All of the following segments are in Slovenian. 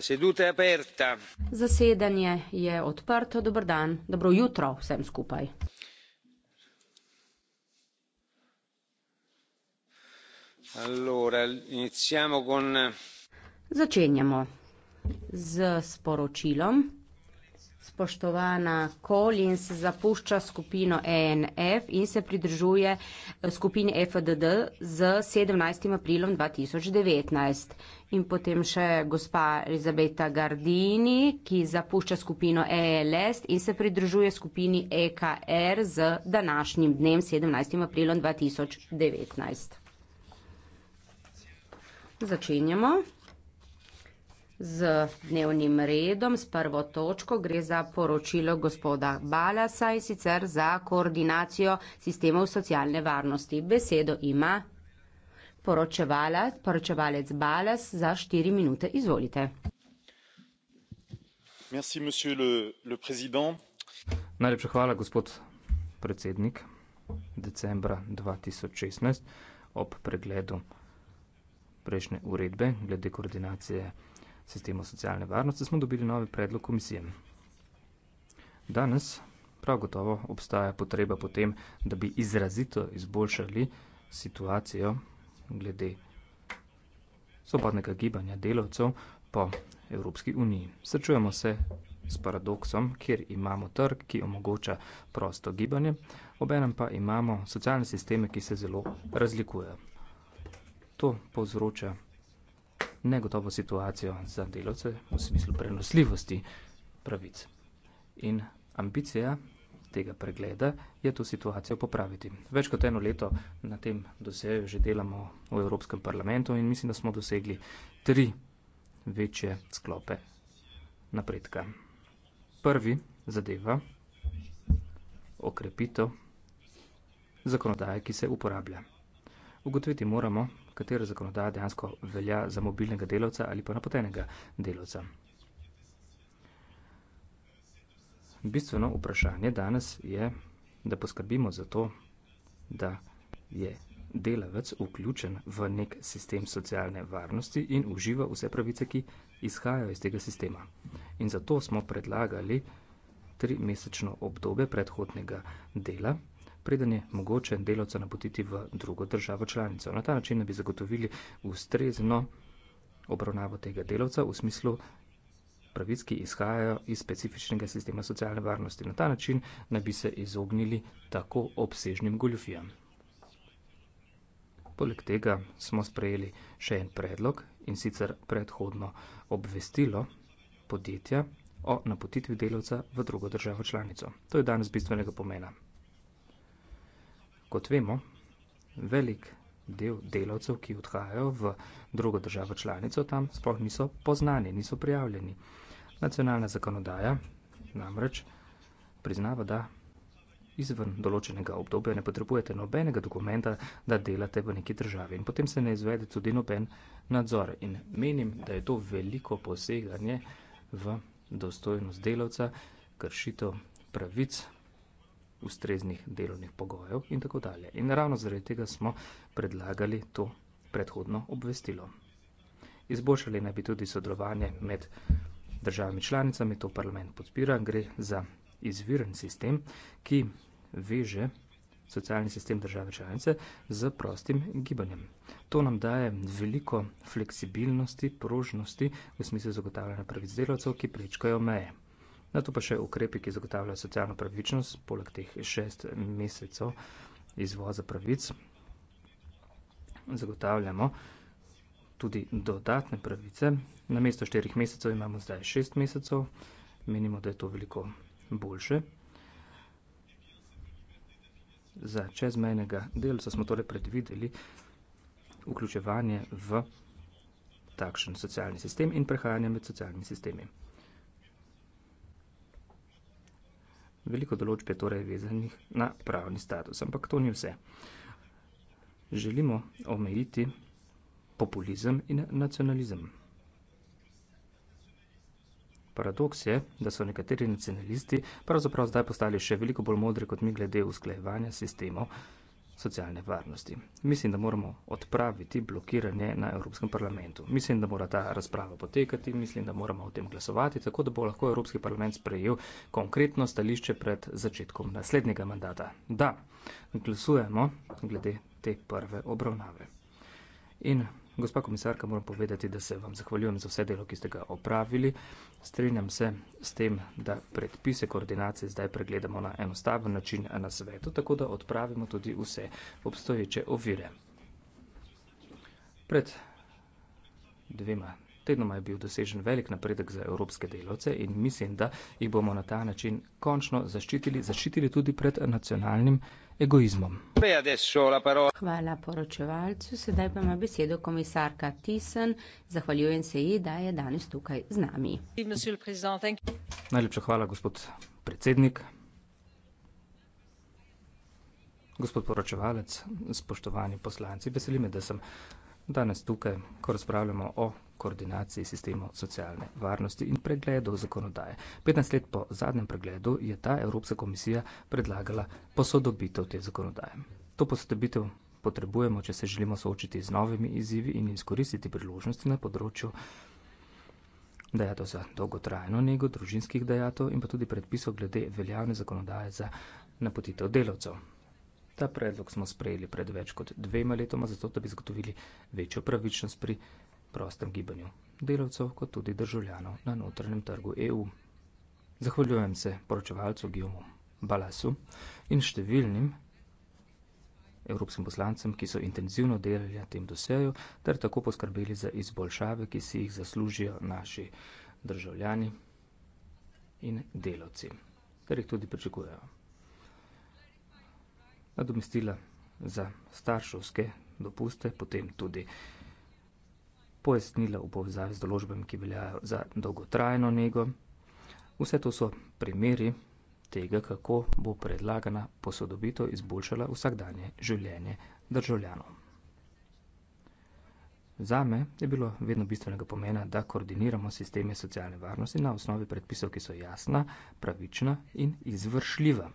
Seduta je aperta. Zasedanje je odprto. Dobro dan, dobro jutro vsem skupaj. Allora, iniziamo con... Začenjamo z sporočilom spoštovana Collins zapušča skupino ENF in se pridružuje eh, skupini e FDD z 17. aprilom 2019. In potem še gospa Elizabeta Gardini, ki zapušča skupino ELS in se pridružuje skupini EKR z današnjim dnem 17. aprilom 2019. Začenjamo z dnevnim redom, s prvo točko gre za poročilo gospoda Balasa in sicer za koordinacijo sistemov socialne varnosti. Besedo ima poročevalec Balas za štiri minute. Izvolite. Merci, le, le Najlepša hvala, gospod predsednik. Decembra 2016 ob pregledu prejšnje uredbe glede koordinacije sistemov socialne varnosti, smo dobili nove predlog komisije. Danes prav gotovo obstaja potreba potem, da bi izrazito izboljšali situacijo glede svobodnega gibanja delavcev po Evropski uniji. Srečujemo se s paradoksom, kjer imamo trg, ki omogoča prosto gibanje, obenem pa imamo socialne sisteme, ki se zelo razlikujejo. To povzroča negotovo situacijo za delavce v smislu prenosljivosti pravic. In ambicija tega pregleda je to situacijo popraviti. Več kot eno leto na tem doseju že delamo v Evropskem parlamentu in mislim, da smo dosegli tri večje sklope napredka. Prvi zadeva okrepitev zakonodaje, ki se uporablja. Ugotoviti moramo, katera zakonodaja dejansko velja za mobilnega delavca ali pa napotenega delavca. Bistveno vprašanje danes je, da poskrbimo za to, da je delavec vključen v nek sistem socialne varnosti in uživa vse pravice, ki izhajajo iz tega sistema. In zato smo predlagali tri mesečno obdobje predhodnega dela preden je mogoče delavca napotiti v drugo državo članico. Na ta način bi zagotovili ustrezno obravnavo tega delavca v smislu pravic, ki izhajajo iz specifičnega sistema socialne varnosti. Na ta način naj bi se izognili tako obsežnim goljufijam. Poleg tega smo sprejeli še en predlog in sicer predhodno obvestilo podjetja o napotitvi delavca v drugo državo članico. To je danes bistvenega pomena. Kot vemo, velik del delavcev, ki odhajajo v drugo državo članico, tam sploh niso poznani, niso prijavljeni. Nacionalna zakonodaja namreč priznava, da izven določenega obdobja ne potrebujete nobenega dokumenta, da delate v neki državi in potem se ne izvede tudi noben nadzor. In menim, da je to veliko poseganje v dostojnost delavca, kršitev pravic ustreznih delovnih pogojev in tako dalje. In ravno zaradi tega smo predlagali to predhodno obvestilo. Izboljšali naj bi tudi sodelovanje med državami članicami, to parlament podpira, gre za izviren sistem, ki veže socialni sistem države članice z prostim gibanjem. To nam daje veliko fleksibilnosti, prožnosti v smislu zagotavljanja pravic delavcev, ki prečkajo meje. Na to pa še ukrepi, ki zagotavljajo socialno pravičnost, poleg teh šest mesecev izvoza pravic, zagotavljamo tudi dodatne pravice. Na mesto štirih mesecev imamo zdaj šest mesecev, menimo, da je to veliko boljše. Za čezmejnega delca smo torej predvideli vključevanje v takšen socialni sistem in prehajanje med socialnimi sistemi. Veliko določb je torej vezanih na pravni status, ampak to ni vse. Želimo omejiti populizem in nacionalizem. Paradoks je, da so nekateri nacionalisti pravzaprav zdaj postali še veliko bolj modri kot mi glede usklajevanja sistemov, socialne varnosti. Mislim, da moramo odpraviti blokiranje na Evropskem parlamentu. Mislim, da mora ta razprava potekati, mislim, da moramo o tem glasovati, tako da bo lahko Evropski parlament sprejel konkretno stališče pred začetkom naslednjega mandata. Da, glasujemo glede te prve obravnave. In Gospa komisarka, moram povedati, da se vam zahvaljujem za vse delo, ki ste ga opravili. Strinjam se s tem, da predpise koordinacije zdaj pregledamo na enostaven način na svetu, tako da odpravimo tudi vse obstoječe ovire. Pred dvema tednoma je bil dosežen velik napredek za evropske delavce in mislim, da jih bomo na ta način končno zaščitili, zaščitili tudi pred nacionalnim egoizmom. Hvala poročevalcu, sedaj pa ima besedo komisarka Tisen. Zahvaljujem se ji, da je danes tukaj z nami. Najlepša hvala, gospod predsednik. Gospod poročevalec, spoštovani poslanci, veseli me, da sem Danes tukaj, ko razpravljamo o koordinaciji sistemov socialne varnosti in pregledov zakonodaje. 15 let po zadnjem pregledu je ta Evropska komisija predlagala posodobitev te zakonodaje. To posodobitev potrebujemo, če se želimo soočiti z novimi izzivi in izkoristiti priložnosti na področju dejatov za dolgotrajno nego, družinskih dejatov in pa tudi predpisov glede veljavne zakonodaje za napotitev delavcev. Ta predlog smo sprejeli pred več kot dvema letoma, zato da bi zagotovili večjo pravičnost pri prostem gibanju delavcev, kot tudi državljanov na notranjem trgu EU. Zahvaljujem se poročevalcu Gijomu Balasu in številnim evropskim poslancem, ki so intenzivno delali na tem doseju, ter tako poskrbeli za izboljšave, ki si jih zaslužijo naši državljani in delavci, ter jih tudi pričakujejo nadomestila za starševske dopuste, potem tudi pojasnila v povezavi z določbami, ki veljajo za dolgotrajno nego. Vse to so primeri tega, kako bo predlagana posodobitev izboljšala vsakdanje življenje državljanov. Zame je bilo vedno bistvenega pomena, da koordiniramo sisteme socialne varnosti na osnovi predpisov, ki so jasna, pravična in izvršljiva.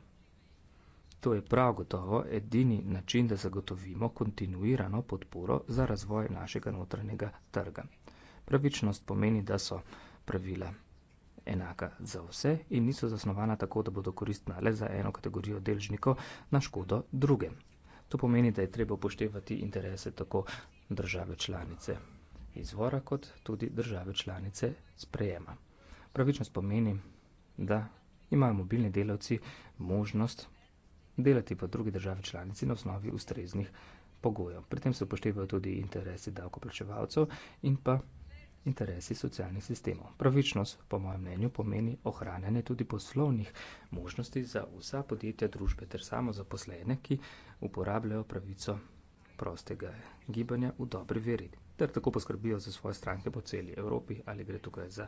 To je prav gotovo edini način, da zagotovimo kontinuirano podporo za razvoj našega notranjega trga. Pravičnost pomeni, da so pravila enaka za vse in niso zasnovana tako, da bodo koristna le za eno kategorijo deležnikov na škodo druge. To pomeni, da je treba upoštevati interese tako države članice izvora kot tudi države članice sprejema. Pravičnost pomeni, da imajo mobilni delavci možnost delati v drugi državi članici na osnovi ustreznih pogojev. Pri tem se upoštevajo tudi interesi davkoplačevalcev in pa interesi socialnih sistemov. Pravičnost, po mojem mnenju, pomeni ohranjanje tudi poslovnih možnosti za vsa podjetja družbe ter samo zaposlene, ki uporabljajo pravico prostega gibanja v dobri veri, ter tako poskrbijo za svoje stranke po celi Evropi ali gre tukaj za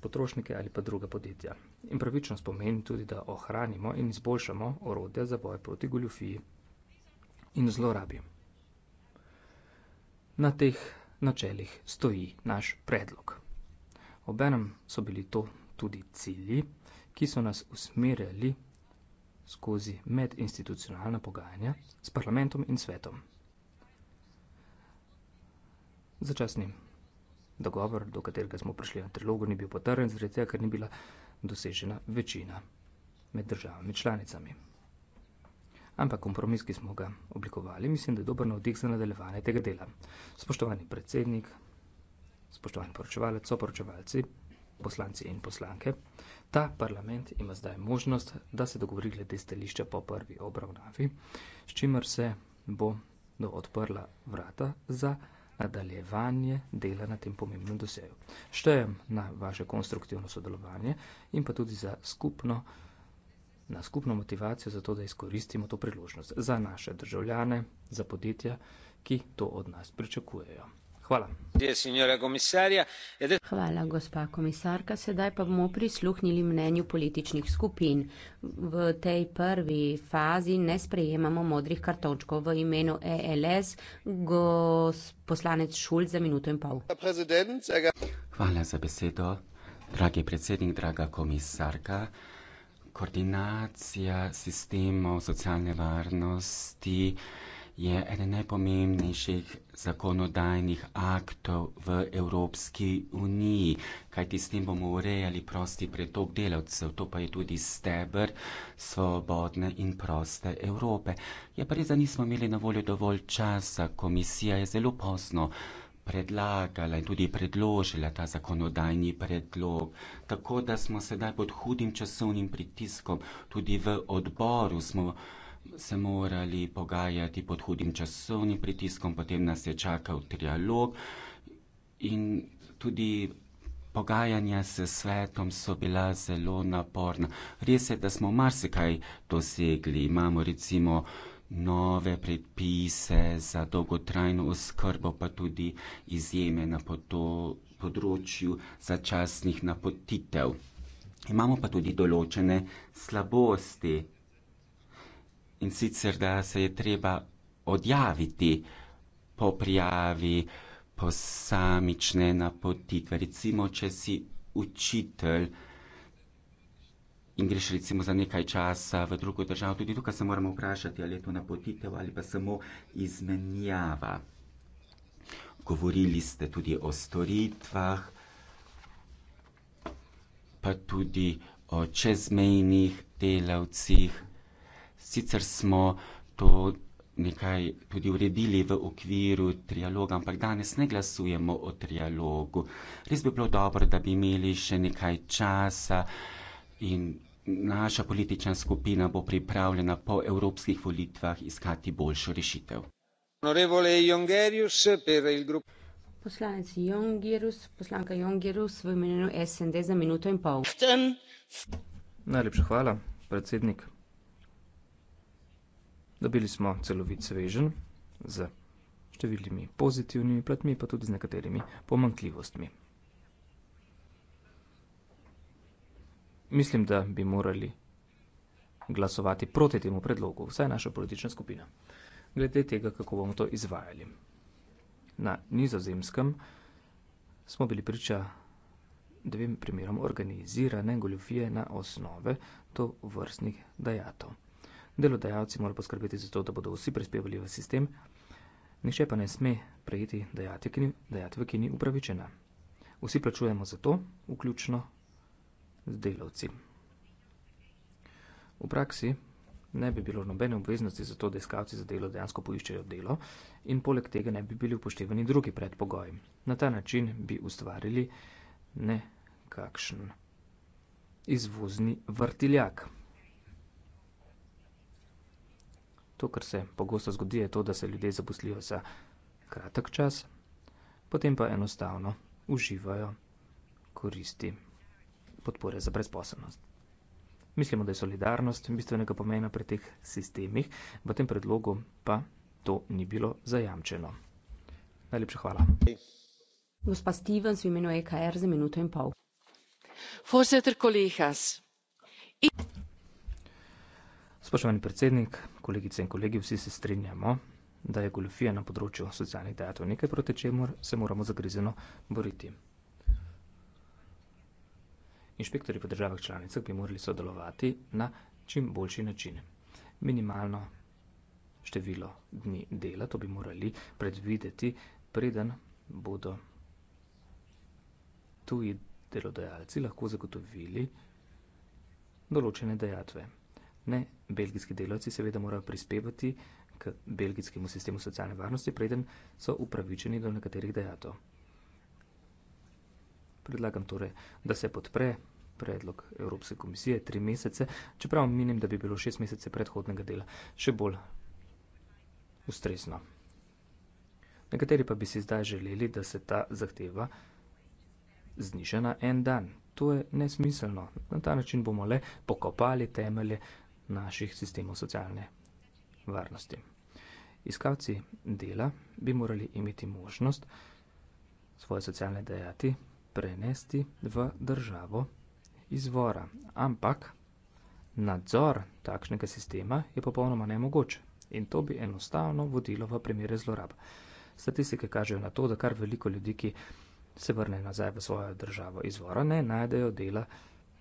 potrošnike ali pa druga podjetja. In pravičnost pomeni tudi, da ohranimo in izboljšamo orodja za boj proti goljufiji in zlorabi. Na teh načelih stoji naš predlog. Obenem so bili to tudi cilji, ki so nas usmerjali skozi medinstitucionalna pogajanja s parlamentom in svetom. Začasnim dogovor, do katerega smo prišli na trilogu, ni bil potrjen, zredzija, ker ni bila dosežena večina med državami članicami. Ampak kompromis, ki smo ga oblikovali, mislim, da je dober navdih za nadaljevanje tega dela. Spoštovani predsednik, spoštovani poročevalec, soporočevalci, poslanci in poslanke, ta parlament ima zdaj možnost, da se dogovori glede stališča po prvi obravnavi, s čimer se bo odprla vrata za nadaljevanje dela na tem pomembnem doseju. Štejem na vaše konstruktivno sodelovanje in pa tudi za skupno, na skupno motivacijo za to, da izkoristimo to priložnost za naše državljane, za podjetja, ki to od nas pričakujejo. Hvala, gospa komisarka. Sedaj pa bomo prisluhnili mnenju političnih skupin. V tej prvi fazi ne sprejemamo modrih kartončkov. V imenu ELS, poslanec Šul za minuto in pol. Hvala za besedo. Dragi predsednik, draga komisarka, koordinacija sistemov socialne varnosti je eden najpomembnejših zakonodajnih aktov v Evropski uniji, kajti s tem bomo urejali prosti pretok delavcev, to pa je tudi stebr svobodne in proste Evrope. Je ja, pa res, da nismo imeli na voljo dovolj časa, komisija je zelo pozno predlagala in tudi predložila ta zakonodajni predlog. Tako da smo sedaj pod hudim časovnim pritiskom, tudi v odboru smo se morali pogajati pod hudim časovnim pritiskom, potem nas je čakal trialog in tudi. Pogajanja s svetom so bila zelo naporna. Res je, da smo marsikaj dosegli. Imamo recimo nove predpise za dolgotrajno oskrbo, pa tudi izjeme na poto, področju začasnih napotitev. Imamo pa tudi določene slabosti, in sicer da se je treba odjaviti po prijavi posamične napotitve. Recimo, če si učitelj in greš recimo za nekaj časa v drugo državo, tudi tukaj se moramo vprašati, ali je to napotitev ali pa samo izmenjava. Govorili ste tudi o storitvah, pa tudi o čezmejnih delavcih. Sicer smo to nekaj tudi uredili v okviru trialoga, ampak danes ne glasujemo o trialogu. Res bi bilo dobro, da bi imeli še nekaj časa in naša politična skupina bo pripravljena po evropskih volitvah iskati boljšo rešitev. Poslanec Jongirus, poslanka Jongirus v imenu SND za minuto in pol. Najlepša hvala, predsednik. Dobili smo celovit svežen z številnimi pozitivnimi platmi, pa tudi z nekaterimi pomankljivostmi. Mislim, da bi morali glasovati proti temu predlogu, vsaj naša politična skupina, glede tega, kako bomo to izvajali. Na nizozemskem smo bili priča dvem primerom organizirane goljofije na osnove to vrstnih dajatov. Delodajalci morajo poskrbeti za to, da bodo vsi prispevali v sistem, nišče pa ne sme prejeti dajatve, ki ni upravičena. Vsi plačujemo za to, vključno z delavci. V praksi ne bi bilo nobene obveznosti za to, da iskalci za delo dejansko poiščejo delo in poleg tega ne bi bili upoštevani drugi predpogoji. Na ta način bi ustvarili nekakšen izvozni vrtiljak. To, kar se pogosto zgodi, je to, da se ljudje zaposlijo za kratek čas, potem pa enostavno uživajo koristi podpore za brezposobnost. Mislimo, da je solidarnost bistvenega pomena pri teh sistemih, v tem predlogu pa to ni bilo zajamčeno. Najlepša hvala. Gospa Stevens, v imenu EKR za minuto in pol. Voorzitter, collega's. Spoštovani predsednik, kolegice in kolegi, vsi se strinjamo, da je goljofija na področju socialnih dejatov nekaj, proti čemur se moramo zagrizeno boriti. Inšpektori po državah članicah bi morali sodelovati na čim boljši način. Minimalno število dni dela, to bi morali predvideti, preden bodo tuji delodajalci lahko zagotovili določene dejatve. Ne, belgijski delavci seveda morajo prispevati k belgijskemu sistemu socialne varnosti, preden so upravičeni do nekaterih dejatov. Predlagam torej, da se podpre predlog Evropske komisije tri mesece, čeprav menim, da bi bilo šest mesece predhodnega dela še bolj ustrezno. Nekateri pa bi si zdaj želeli, da se ta zahteva zniža na en dan. To je nesmiselno. Na ta način bomo le pokopali temelje naših sistemov socialne varnosti. Iskalci dela bi morali imeti možnost svoje socialne dejati prenesti v državo izvora, ampak nadzor takšnega sistema je popolnoma nemogoč in to bi enostavno vodilo v primere zlorab. Statistike kažejo na to, da kar veliko ljudi, ki se vrne nazaj v svojo državo izvora, ne najdejo dela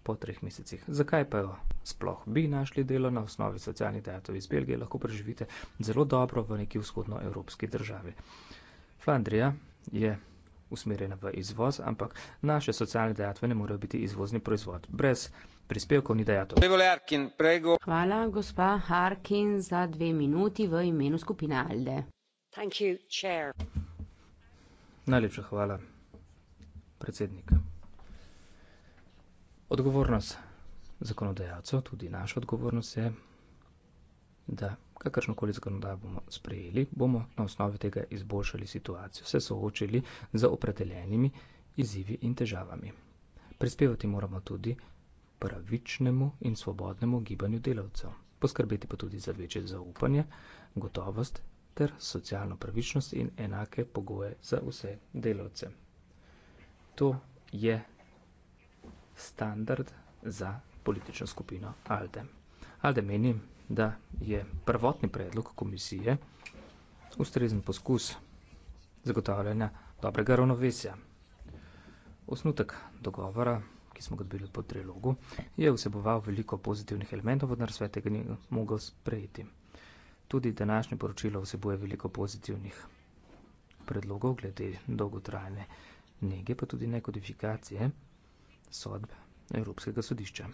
po treh mesecih. Zakaj pa jo sploh bi našli delo na osnovi socialnih dejatov iz Belgije, lahko preživite zelo dobro v neki vzhodnoevropski državi. Flandrija je usmerjena v izvoz, ampak naše socialne dejatve ne morejo biti izvozni proizvod. Brez prispevkov ni dejatov. Hvala, gospa Harkin, za dve minuti v imenu skupine Alde. Najlepša hvala, predsednik odgovornost zakonodajalcev, tudi naša odgovornost je, da kakršnokoli zakonodajo bomo sprejeli, bomo na osnovi tega izboljšali situacijo, se soočili z opredeljenimi izzivi in težavami. Prispevati moramo tudi pravičnemu in svobodnemu gibanju delavcev, poskrbeti pa tudi za večje zaupanje, gotovost ter socialno pravičnost in enake pogoje za vse delavce. To je standard za politično skupino Alde. Alde meni, da je prvotni predlog komisije ustrezen poskus zagotavljanja dobrega ravnovesja. Osnutek dogovora, ki smo ga dobili po trilogu, je vseboval veliko pozitivnih elementov, vendar svet tega ni mogel sprejeti. Tudi današnje poročilo vsebuje veliko pozitivnih predlogov glede dolgotrajne nege, pa tudi nekodifikacije. kodifikacije sodb Evropskega sodišča.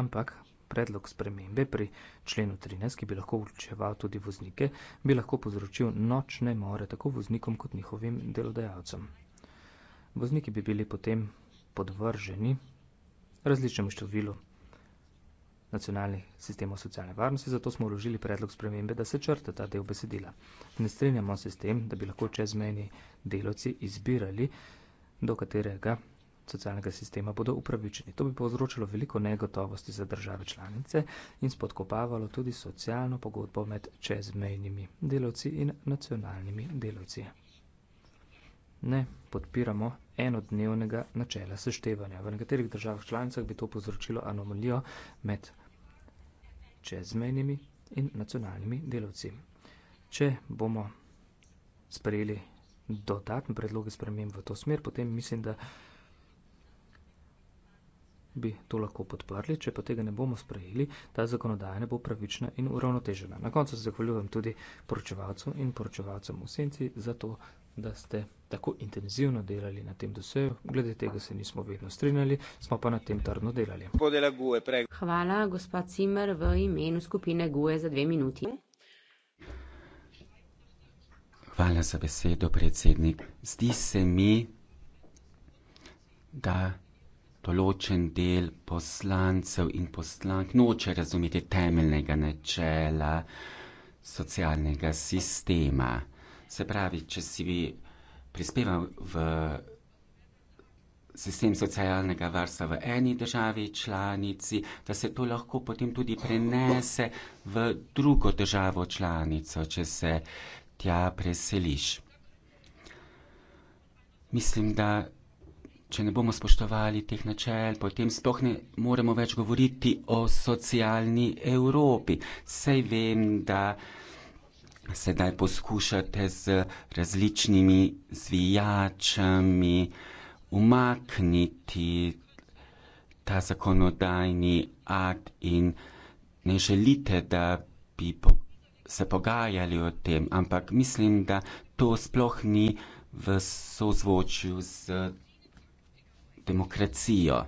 Ampak predlog spremembe pri členu 13, ki bi lahko vključeval tudi voznike, bi lahko povzročil nočne more tako voznikom kot njihovim delodajalcem. Vozniki bi bili potem podvrženi različnemu številu nacionalnih sistemov socialne varnosti, zato smo vložili predlog spremembe, da se črta ta del besedila. Ne strinjamo se s tem, da bi lahko čezmejni delavci izbirali, do katerega socialnega sistema bodo upravičeni. To bi povzročilo veliko negotovosti za države članice in spodkopavalo tudi socialno pogodbo med čezmejnimi delavci in nacionalnimi delavci. Ne podpiramo enodnevnega načela seštevanja. V nekaterih državah članicah bi to povzročilo anomalijo med čezmejnimi in nacionalnimi delavci. Če bomo sprejeli dodatne predloge spremem v to smer, potem mislim, da bi to lahko podprli, če pa tega ne bomo sprejeli, ta zakonodaja ne bo pravična in uravnotežena. Na koncu se zahvaljujem tudi poročevalcu in poročevalcem v senci za to, da ste tako intenzivno delali na tem doseju. Glede tega se nismo vedno strinjali, smo pa na tem trdno delali. Hvala, gospod Cimer, v imenu skupine GUE za dve minuti. Hvala za besedo, predsednik. Zdi se mi, da določen del poslancev in poslank noče razumeti temeljnega načela socialnega sistema. Se pravi, če si vi prispeval v sistem socialnega varstva v eni državi članici, da se to lahko potem tudi prenese v drugo državo članico, če se tja preseliš. Mislim, da če ne bomo spoštovali teh načel, potem sploh ne moremo več govoriti o socialni Evropi. Sej vem, da sedaj poskušate z različnimi zvijačami umakniti ta zakonodajni akt in ne želite, da bi po se pogajali o tem, ampak mislim, da to sploh ni v sozvočju z demokracijo.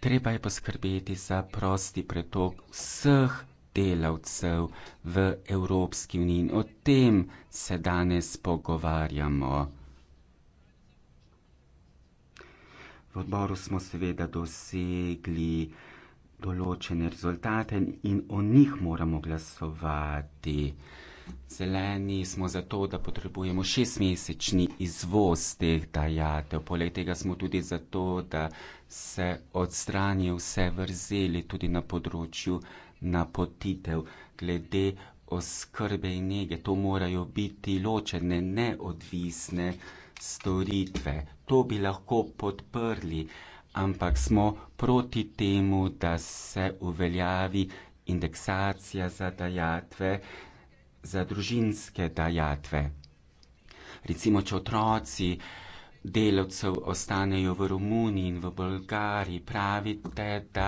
Treba je poskrbeti za prosti pretok vseh delavcev v Evropski uniji. O tem se danes pogovarjamo. V odboru smo seveda dosegli določene rezultate in o njih moramo glasovati. Zeleni smo zato, da potrebujemo šestmesečni izvoz teh dajatev. Poleg tega smo tudi zato, da se odstranijo vse vrzeli tudi na področju napotitev. Glede oskrbe in nege, to morajo biti ločene, neodvisne storitve. To bi lahko podprli, ampak smo proti temu, da se uveljavi indeksacija za dajatve za družinske dajatve. Recimo, če otroci delavcev ostanejo v Romuniji in v Bolgariji, pravite, da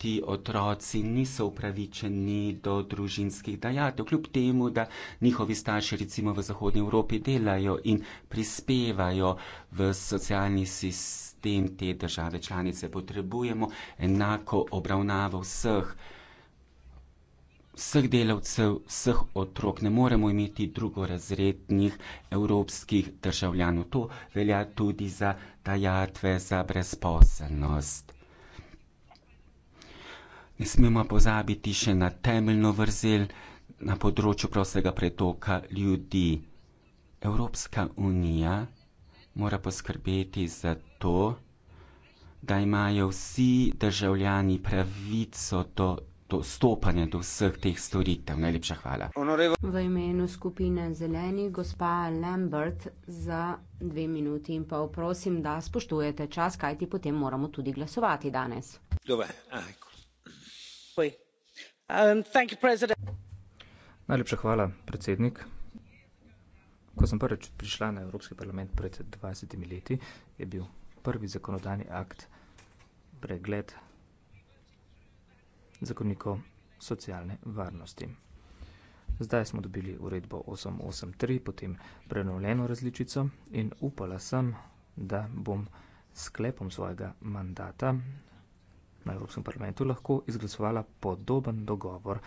ti otroci niso upravičeni do družinskih dajatev, kljub temu, da njihovi starši recimo v Zahodnji Evropi delajo in prispevajo v socialni sistem te države članice. Potrebujemo enako obravnavo vseh vseh delavcev, vseh otrok, ne moremo imeti drugorazrednih evropskih državljanov. To velja tudi za tajatve, za brezposelnost. Ne smemo pozabiti še na temeljno vrzel na področju prostega pretoka ljudi. Evropska unija mora poskrbeti za to, da imajo vsi državljani pravico do dostopanje do vseh teh storitev. Najlepša hvala. V imenu skupine Zeleni, gospa Lambert, za dve minuti in pa prosim, da spoštujete čas, kajti potem moramo tudi glasovati danes. Um, Najlepša hvala, predsednik. Ko sem prvič prišla na Evropski parlament pred 20 leti, je bil prvi zakonodajni akt pregled zakonnikov socialne varnosti. Zdaj smo dobili uredbo 883, potem prenovljeno različico in upala sem, da bom sklepom svojega mandata na Evropskem parlamentu lahko izglasovala podoben dogovor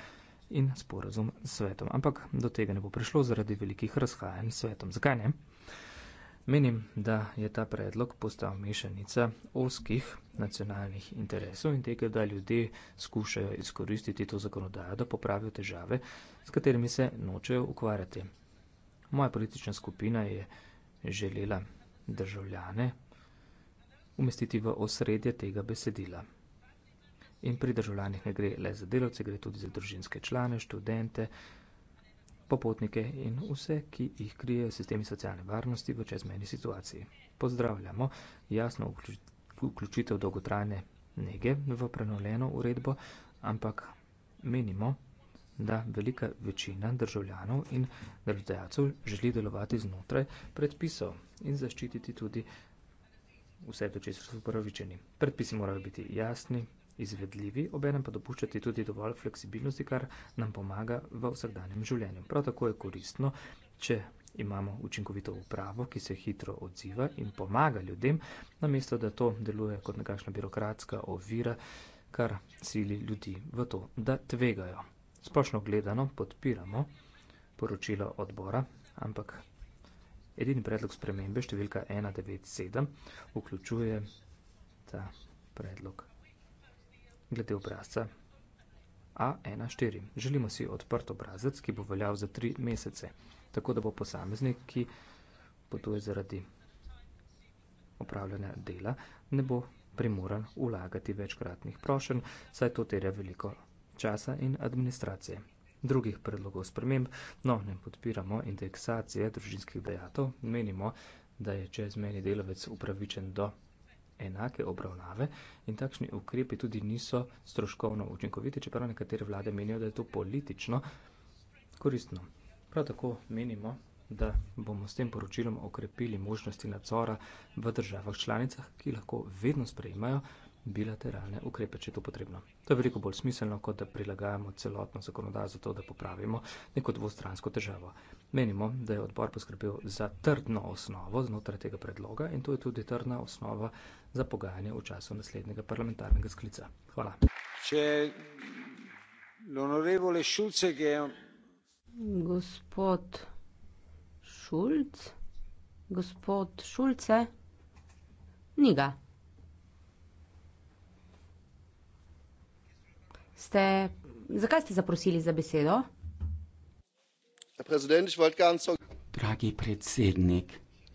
in sporazum s svetom. Ampak do tega ne bo prišlo zaradi velikih razhajanj s svetom. Zakaj ne? Menim, da je ta predlog postal mešanica oskih nacionalnih interesov in tega, da ljudje skušajo izkoristiti to zakonodajo, da popravijo težave, s katerimi se nočejo ukvarjati. Moja politična skupina je želela državljane umestiti v osredje tega besedila. In pri državljanih ne gre le za delavce, gre tudi za družinske člane, študente, popotnike in vse, ki jih krijejo sistemi socialne varnosti v čezmeni situaciji. Pozdravljamo jasno vključitev dolgotrajne nege v prenoljeno uredbo, ampak menimo, da velika večina državljanov in delodajalcev želi delovati znotraj predpisov in zaščititi tudi vse, do česar so upravičeni. Predpisi morajo biti jasni, izvedljivi, obenem pa dopuščati tudi dovolj fleksibilnosti, kar nam pomaga v vsakdanjem življenju. Prav tako je koristno, če imamo učinkovito upravo, ki se hitro odziva in pomaga ljudem, namesto da to deluje kot nekakšna birokratska ovira, kar sili ljudi v to, da tvegajo. Splošno gledano podpiramo poročilo odbora, ampak edini predlog spremembe številka 197 vključuje ta predlog glede obrazca A1.4. Želimo si odprt obrazec, ki bo veljal za tri mesece, tako da bo posameznik, ki potuje zaradi opravljanja dela, ne bo primoran ulagati večkratnih prošen, saj to terja veliko časa in administracije. Drugih predlogov sprememb, no, ne podpiramo indeksacije družinskih dejatov, menimo, da je čezmeni delavec upravičen do enake obravnave in takšni ukrepi tudi niso stroškovno učinkoviti, čeprav nekatere vlade menijo, da je to politično koristno. Prav tako menimo, da bomo s tem poročilom okrepili možnosti nadzora v državah članicah, ki lahko vedno sprejmajo bilateralne ukrepe, če je to potrebno. To je veliko bolj smiselno, kot da prilagajamo celotno zakonodajo za to, da popravimo neko dvostransko državo. Menimo, da je odbor poskrbel za trdno osnovo znotraj tega predloga in to je tudi trdna osnova za pogajanje v času naslednjega parlamentarnega sklica. Hvala. Če l'onorevole Šulcege... Gospod Šulc? Gospod Šulce? Ni ga. Ste... Zakaj ste zaprosili za besedo? Dragi predsednik,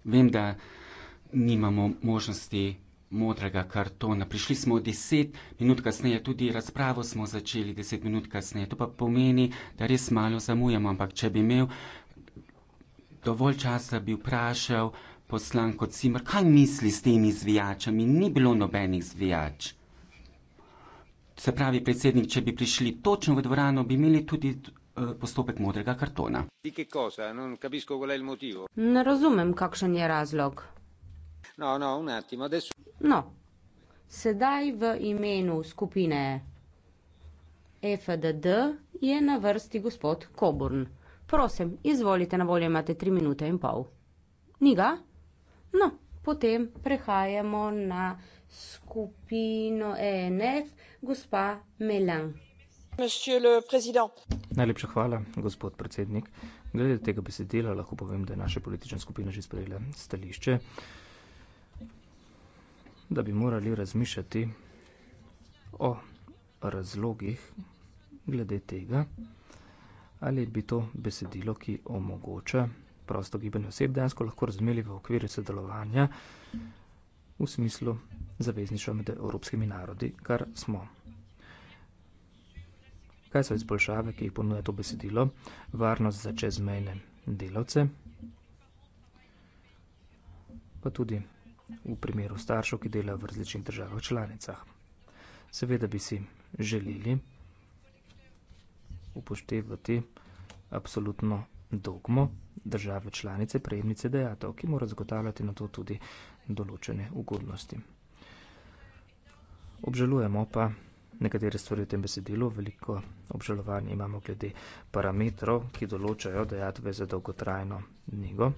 vem, da nimamo možnosti modrega kartona. Prišli smo deset minut kasneje, tudi razpravo smo začeli deset minut kasneje. To pa pomeni, da res malo zamujamo, ampak če bi imel dovolj časa, bi vprašal poslanko Cimer, kaj misli s temi zvijačami? Ni bilo nobenih zvijač. Se pravi, predsednik, če bi prišli točno v dvorano, bi imeli tudi Eh, postopek modrega kartona. Ne razumem, kakšen je razlog. No, no, no. sedaj v imenu skupine FDD je na vrsti gospod Koburn. Prosim, izvolite, na voljo imate tri minute in pol. Ni ga? No, potem prehajamo na skupino ENF, gospa Melan. Najlepša hvala, gospod predsednik. Glede tega besedila lahko povem, da je naša politična skupina že sprejela stališče, da bi morali razmišljati o razlogih glede tega, ali bi to besedilo, ki omogoča prosto gibanje oseb, dejansko lahko razumeli v okviru sodelovanja v smislu zavezništva med evropskimi narodi, kar smo kaj so izboljšave, ki jih ponuja to besedilo, varnost za čezmejne delavce, pa tudi v primeru staršev, ki delajo v različnih državah članicah. Seveda bi si želeli upoštevati absolutno dogmo države članice, prejemnice dejatov, ki mora zagotavljati na to tudi določene ugodnosti. Obžalujemo pa, nekatere stvari v tem besedilu, veliko obžalovanj imamo glede parametrov, ki določajo dejatve za dolgotrajno njigo.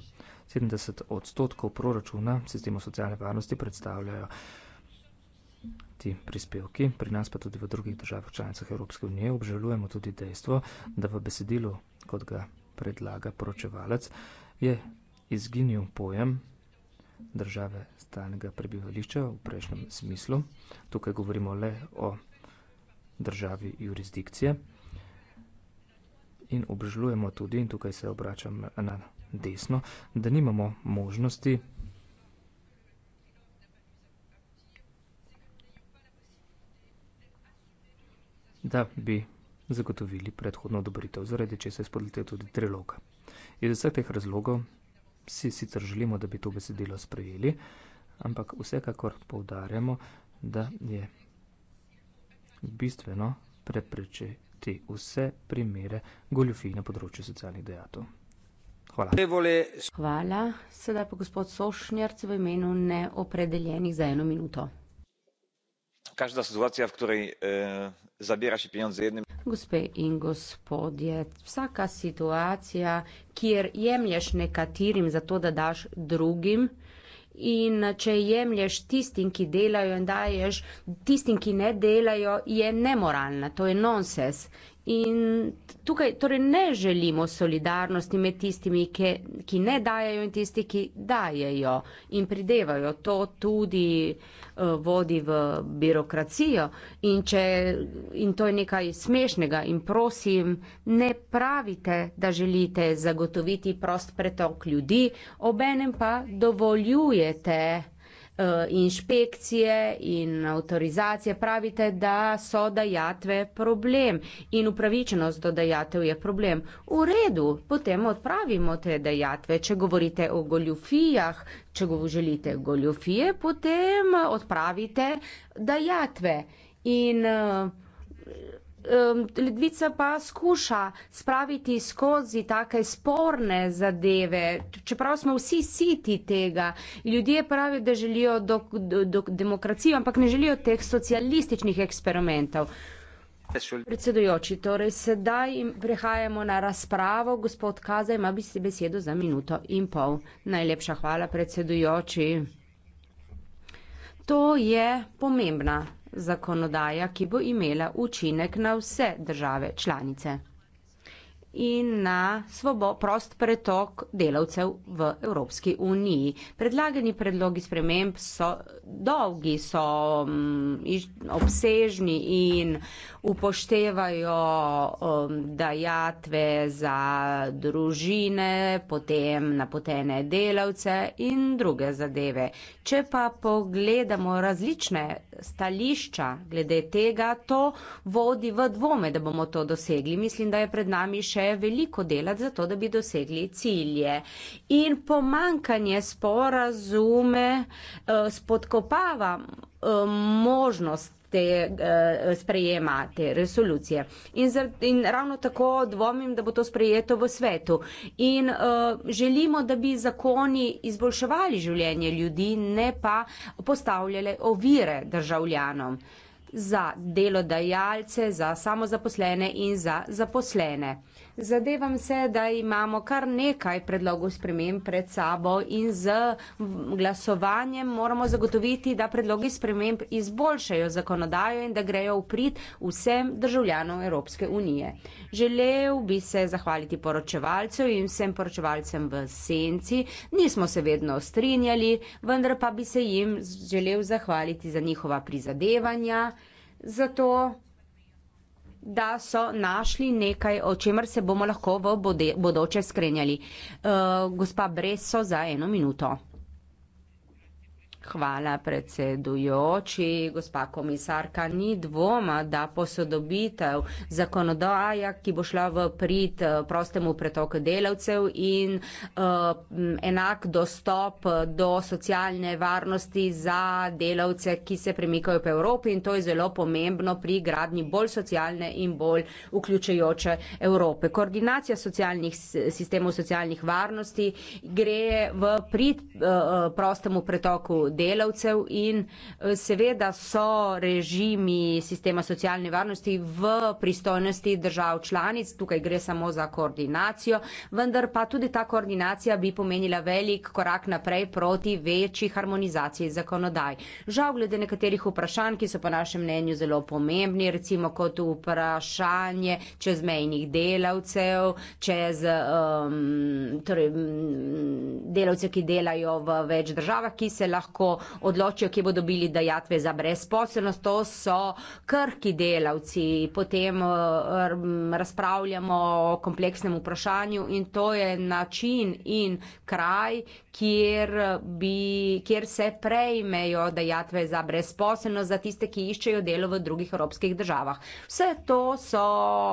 70 odstotkov proračuna sistemu socialne varnosti predstavljajo ti prispevki, pri nas pa tudi v drugih državah članicah Evropske unije obžalujemo tudi dejstvo, da v besedilu, kot ga predlaga poročevalec, je izginil pojem države stalnega prebivališča v prejšnjem smislu. Tukaj govorimo le o državi jurisdikcije. In obžalujemo tudi, in tukaj se obračam na desno, da nimamo možnosti da bi zagotovili predhodno odobritev, zaradi če se spodlite tudi triloga. Iz vseh teh razlogov si sicer želimo, da bi to besedilo sprejeli, ampak vsekakor poudarjamo, da je bistveno preprečiti vse primere goljofij na področju socialnih dejatov. Hvala. Hvala. Sedaj pa gospod Sošnjerc v imenu neopredeljenih za eno minuto. Každa situacija, v kateri eh, zabiraš penjanje z enim. Gospe in gospodje, vsaka situacija, kjer jemlješ nekaterim za to, da daš drugim, In če jemlješ tistim, ki delajo in daješ tistim, ki ne delajo, je nemoralna, to je nonsens. In tukaj torej ne želimo solidarnosti med tistimi, ki, ki ne dajajo in tisti, ki dajajo in pridevajo. To tudi eh, vodi v birokracijo in, če, in to je nekaj smešnega in prosim, ne pravite, da želite zagotoviti prost pretok ljudi, obenem pa dovoljujete Eh, inšpekcije in avtorizacije, pravite, da so dajatve problem in upravičenost do dajatev je problem. V redu, potem odpravimo te dajatve. Če govorite o goljufijah, če govorite, želite goljufije, potem odpravite dajatve. In uh, um, Ljudvica pa skuša spraviti skozi take sporne zadeve, čeprav smo vsi siti tega. Ljudje pravijo, da želijo dok, dok, demokracijo, ampak ne želijo teh socialističnih eksperimentov. Predsedujoči, torej sedaj prehajamo na razpravo. Gospod Kaza ima besedo za minuto in pol. Najlepša hvala, predsedujoči. To je pomembna zakonodaja, ki bo imela učinek na vse države članice in na svobo, prost pretok delavcev v Evropski uniji. Predlagani predlogi sprememb so dolgi, so um, obsežni in upoštevajo um, dajatve za družine, potem napotene delavce in druge zadeve. Če pa pogledamo različne stališča glede tega, to vodi v dvome, da bomo to dosegli. Mislim, da je pred nami še je veliko delati za to, da bi dosegli cilje. In pomankanje sporazume eh, spodkopava eh, možnost te eh, sprejema te resolucije. In, zr, in ravno tako dvomim, da bo to sprejeto v svetu. In uh, želimo, da bi zakoni izboljševali življenje ljudi, ne pa postavljali ovire državljanom za delodajalce, za samozaposlene in za zaposlene. Zadevam se, da imamo kar nekaj predlogov sprememb pred sabo in z glasovanjem moramo zagotoviti, da predlogi sprememb izboljšajo zakonodajo in da grejo v prid vsem državljanom Evropske unije. Želel bi se zahvaliti poročevalcev in vsem poročevalcem v senci. Nismo se vedno strinjali, vendar pa bi se jim želel zahvaliti za njihova prizadevanja. Zato da so našli nekaj, o čemer se bomo lahko v bodoče skrenjali. Uh, gospa Breso, za eno minuto. Hvala predsedujoči, gospa komisarka. Ni dvoma, da posodobitev zakonodaja, ki bo šla v prid eh, prostemu pretoku delavcev in uh, enak dostop do socialne varnosti za delavce, ki se premikajo po Evropi in to je zelo pomembno pri gradnji bolj socialne in bolj vključujoče Evrope. Koordinacija socialnih sistemov socialnih varnosti gre v prid uh, prostemu pretoku delavcev in eh, seveda so režimi sistema socialne varnosti v pristojnosti držav članic, tukaj gre samo za koordinacijo, vendar pa tudi ta koordinacija bi pomenila velik korak naprej proti večji harmonizaciji zakonodaj. Žal glede nekaterih vprašanj, ki so po našem mnenju zelo pomembni, recimo kot vprašanje čezmejnih delavcev, čez um, torej, delavce, ki delajo v več državah, ki se lahko lahko odločijo, kje bodo dobili dajatve za brezposelnost. To so krhki delavci. Potem eh, razpravljamo o kompleksnem vprašanju in to je način in kraj, kjer, bi, kjer se prejmejo dejatve za brezposelnost za tiste, ki iščejo delo v drugih evropskih državah. Vse to so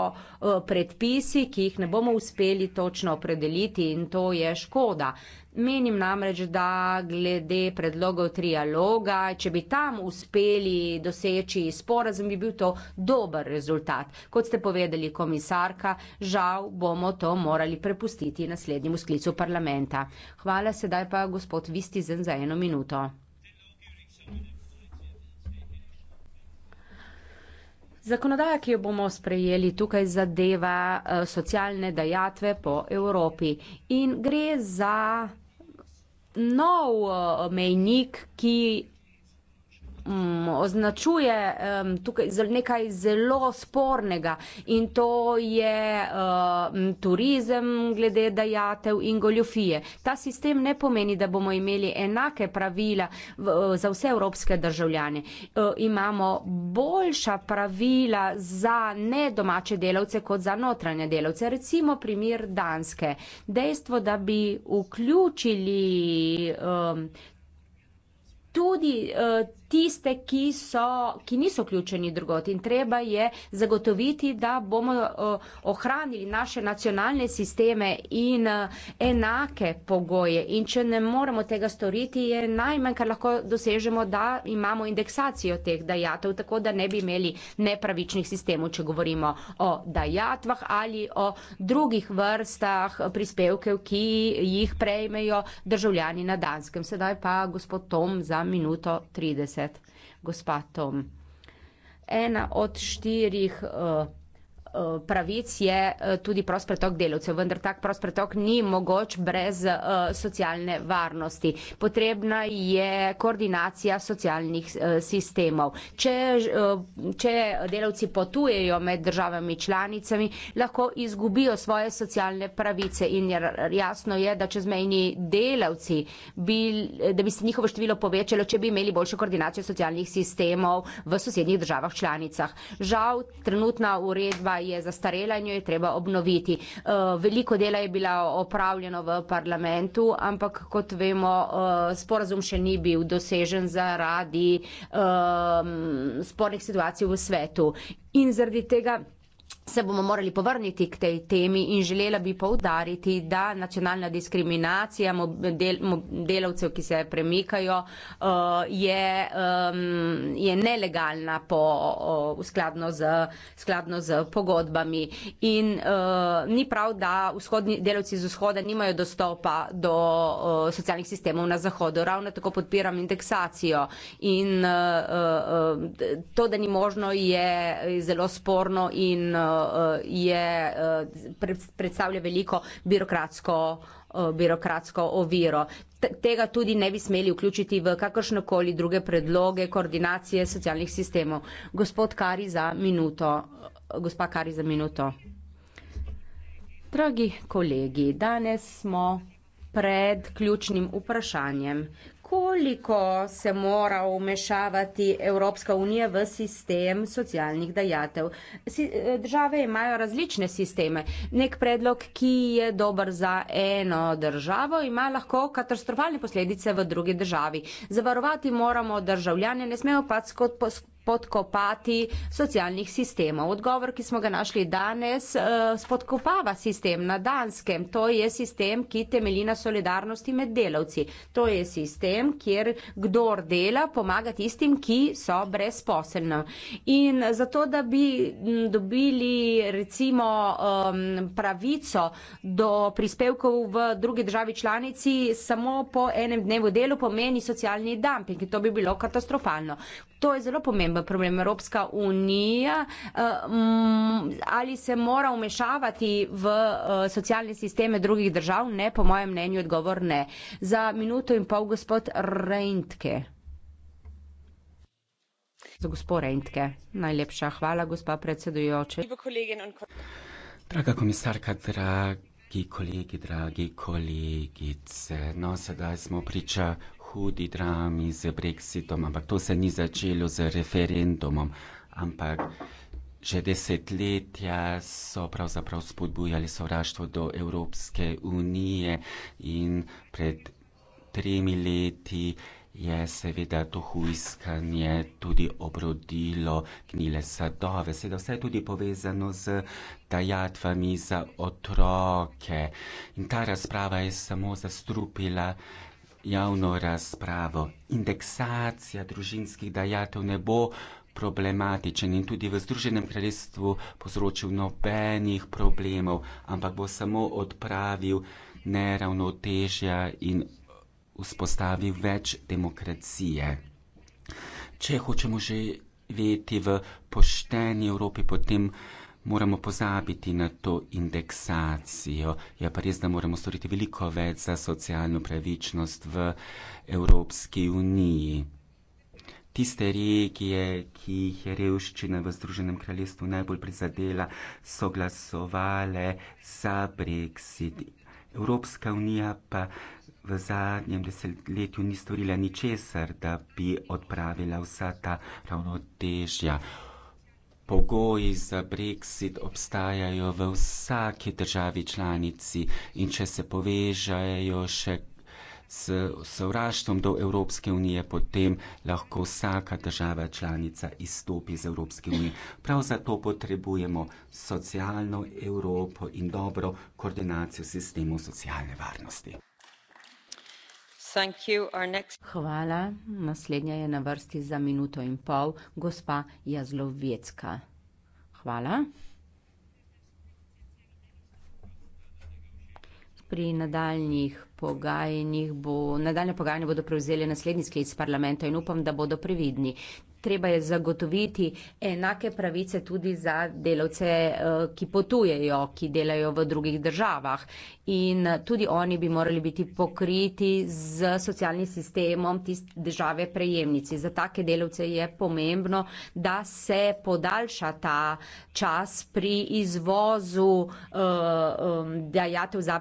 eh, predpisi, ki jih ne bomo uspeli točno opredeliti in to je škoda. Menim namreč, da glede predlogov trialoga, če bi tam uspeli doseči sporazum, bi bil to dober rezultat. Kot ste povedali, komisarka, žal bomo to morali prepustiti naslednjemu sklicu parlamenta. Hvala se sedaj pa gospod Vistizen za eno minuto. Zakonodaja, ki jo bomo sprejeli tukaj, zadeva eh, socialne dajatve po Evropi in gre za nov eh, mejnik, ki um, označuje um, tukaj nekaj zelo spornega in to je um, turizem glede dajatev in goljofije. Ta sistem ne pomeni, da bomo imeli enake pravila v, za vse evropske državljane. Uh, imamo boljša pravila za nedomače delavce kot za notranje delavce. Recimo primer Danske. Dejstvo, da bi vključili um, tudi uh, tiste, ki, so, ki niso vključeni drugot. In treba je zagotoviti, da bomo ohranili naše nacionalne sisteme in eh, enake pogoje. In če ne moremo tega storiti, je najmanj, kar lahko dosežemo, da imamo indeksacijo teh dajatev, tako da ne bi imeli nepravičnih sistemov, če govorimo o dajatvah ali o drugih vrstah prispevkev, ki jih prejmejo državljani na Danskem. Sedaj pa gospod Tom za minuto 30. 30, gospa Tom. Ena od štirih uh, Eh, pravic je eh, tudi prost pretok delovcev, vendar tak prost pretok ni mogoč brez eh, socialne varnosti. Potrebna je koordinacija socialnih sistemov. Če, če delovci potujejo med državami članicami, lahko izgubijo svoje socialne pravice in jasno je, da čezmejni delavci, bi, da bi se njihovo število povečalo, če bi imeli boljšo koordinacijo socialnih sistemov v sosednjih državah članicah. Žal, trenutna uredba je zastarela in jo je treba obnoviti. Eh, veliko dela je bila opravljeno v parlamentu, ampak kot vemo, eh, sporazum še ni bil dosežen zaradi eh, spornih situacij v svetu. In zaradi tega se bomo morali povrniti k tej temi in želela bi poudariti, da nacionalna diskriminacija delavcev, ki se premikajo, uh, je, um, je nelegalna po, skladno z, skladno z pogodbami. In uh, ni prav, da vzhodni, delavci z vzhoda nimajo dostopa do socialnih sistemov na zahodu. Ravno tako podpiram indeksacijo in uh, to, da ni možno, je zelo sporno in Eh, je, eh, predstavlja veliko birokratsko, eh, birokratsko oviro. Tega tudi ne bi smeli vključiti v kakršnekoli druge predloge koordinacije socialnih sistemov. Gospod Kari za minuto. Gospa Kari za minuto. Dragi kolegi, danes smo pred ključnim vprašanjem, koliko se mora umešavati Evropska unija v sistem socialnih dajatev. Eh, države imajo različne sisteme. Nek predlog, ki je dober za eno državo, ima lahko katastrofalne posledice v drugi državi. Zavarovati moramo državljane, ne smemo pa podkopati socialnih sistemov. Odgovor, ki smo ga našli danes, eh, spodkopava sistem na danskem. To je sistem, ki temelji na solidarnosti med delavci. To je sistem, kjer kdor dela, pomaga tistim, ki so brezposelni. In zato, da bi dobili recimo pravico do prispevkov v drugi državi članici, samo po enem dnevu delu pomeni socialni dumping. To bi bilo katastrofalno. To je zelo pomemben problem. Evropska unija eh, ali se mora umešavati v eh, socialne sisteme drugih držav? Ne, po mojem mnenju odgovor ne. Za minuto in pol gospod Reintke. Za gospod Reintke. Najlepša hvala, gospa predsedujoča. Draga komisarka, dragi kolegi, dragi kolegice, no sedaj smo priča hudi drami z Brexitom, ampak to se ni začelo z referendumom, ampak že desetletja so pravzaprav spodbujali sovraštvo do Evropske unije in pred tremi leti je seveda to huiskanje tudi obrodilo gnile sadove. Seveda vse je tudi povezano z dajatvami za otroke in ta razprava je samo zastrupila javno razpravo. Indeksacija družinskih dajatev ne bo problematičen in tudi v Združenem kraljestvu povzročil nobenih problemov, ampak bo samo odpravil neravnotežja in vzpostavil več demokracije. Če hočemo živeti v pošteni Evropi, potem moramo pozabiti na to indeksacijo. Je ja, pa res, da moramo storiti veliko več za socialno pravičnost v Evropski uniji. Tiste regije, ki jih je revščina v Združenem kraljestvu najbolj prizadela, so glasovale za Brexit. Evropska unija pa v zadnjem desetletju ni storila ničesar, da bi odpravila vsa ta ravnotežja pogoji za brexit obstajajo v vsaki državi članici in če se povežajo še s sovraštvom do Evropske unije, potem lahko vsaka država članica izstopi iz Evropske unije. Prav zato potrebujemo socialno Evropo in dobro koordinacijo sistemov socialne varnosti. Hvala. Naslednja je na vrsti za minuto in pol gospa Jazlovecka. Hvala. Pri nadaljnih pogajanjih bo, nadaljnja pogajanja bodo prevzeli naslednji sklic parlamenta in upam, da bodo previdni treba je zagotoviti enake pravice tudi za delavce, eh, ki potujejo, ki delajo v drugih državah. In tudi oni bi morali biti pokriti z socialnim sistemom tiste države prejemnici. Za take delavce je pomembno, da se podaljša ta čas pri izvozu eh, dajatev za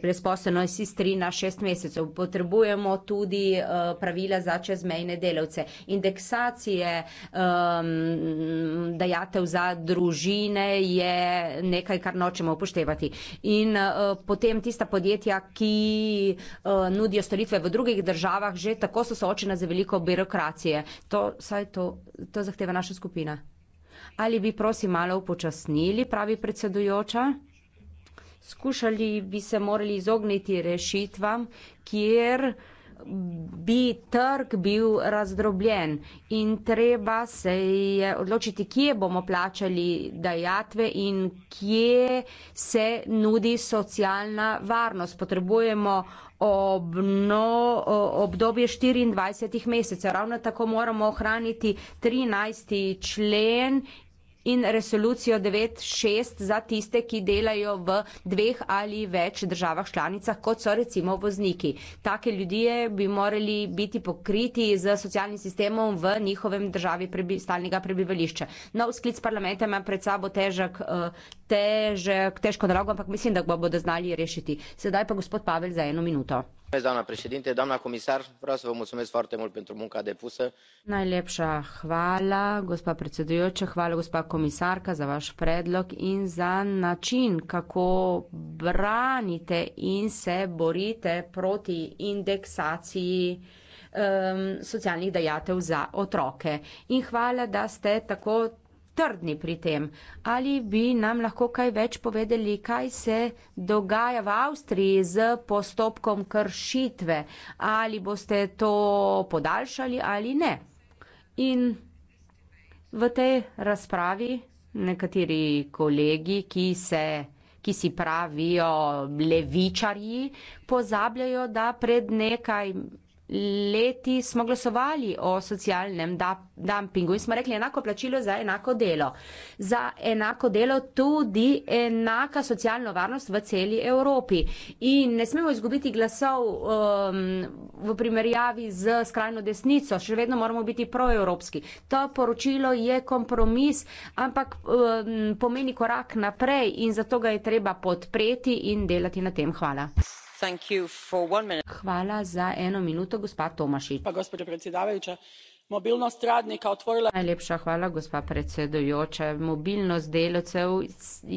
presposobnost iz 3 na 6 mesecev. Potrebujemo tudi eh, pravila za čezmejne delavce. Indeksacija je um, dajatev za družine, je nekaj, kar nočemo upoštevati. In uh, potem tista podjetja, ki uh, nudijo storitve v drugih državah, že tako so soočena za veliko birokracije. To, saj to, to zahteva naša skupina. Ali bi prosim malo upočasnili, pravi predsedujoča? Skušali bi se morali izogniti rešitvam, kjer uh, bi trg bil razdrobljen in treba se je odločiti, kje bomo plačali dajatve in kje se nudi socialna varnost. Potrebujemo obno, obdobje 24 mesecev. Ravno tako moramo ohraniti 13. člen in resolucijo 9.6 za tiste, ki delajo v dveh ali več državah članicah, kot so recimo vozniki. Take ljudi bi morali biti pokriti z socialnim sistemom v njihovem državi prebi, stalnega prebivališča. Nov sklic parlamenta ima pred sabo težek, eh, težek, težko nalog, ampak mislim, da ga bodo znali rešiti. Sedaj pa gospod Pavel za eno minuto doamnă președintă doamnă comisar vreau să vă mulțumesc foarte mult pentru munca depusă. najlepša hvala gospa predsedujoča hvala gospa komisarka za vaš predlog in za način kako branite in se borite proti indeksaciji um, socialnih dajatev za otroke in hvala da ste tako trdni pri tem. Ali bi nam lahko kaj več povedali, kaj se dogaja v Avstriji z postopkom kršitve? Ali boste to podaljšali ali ne? In v tej razpravi nekateri kolegi, ki se ki si pravijo levičarji, pozabljajo, da pred nekaj leti smo glasovali o socialnem dumpingu in smo rekli enako plačilo za enako delo. Za enako delo tudi enaka socialna varnost v celi Evropi. In ne smemo izgubiti glasov um, v primerjavi z skrajno desnico, še vedno moramo biti proevropski. To poročilo je kompromis, ampak um, pomeni korak naprej in zato ga je treba podpreti in delati na tem. Hvala gospa predsedujoča mobilnost radnika otvorila. Najlepša hvala, gospa predsedujoča. Mobilnost delavcev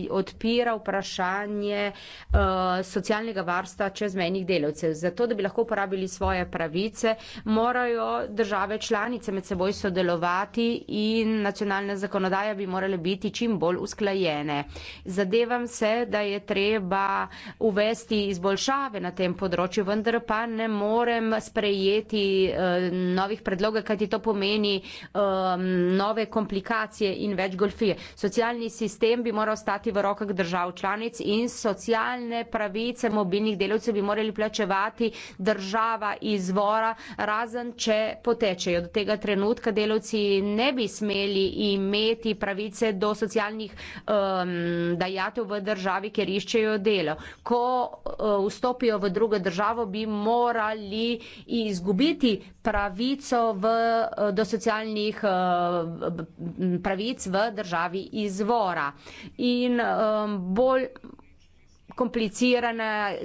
odpira vprašanje uh, socialnega varstva čezmejnih delavcev. Zato, da bi lahko uporabili svoje pravice, morajo države članice med seboj sodelovati in nacionalne zakonodaje bi morale biti čim bolj usklajene. Zadevam se, da je treba uvesti izboljšave na tem področju, vendar pa ne morem sprejeti uh, novih predlogov, kajti to pomeni um, nove komplikacije in več golfije. Socialni sistem bi moral stati v rokah držav članic in socialne pravice mobilnih delavcev bi morali plačevati država izvora, razen če potečejo. Do tega trenutka delavci ne bi smeli imeti pravice do socialnih um, dajatev v državi, ker iščejo delo. Ko uh, vstopijo v drugo državo, bi morali izgubiti pravico v Eh, do socialnih eh, pravic v državi izvora. In eh, bolj komplicirane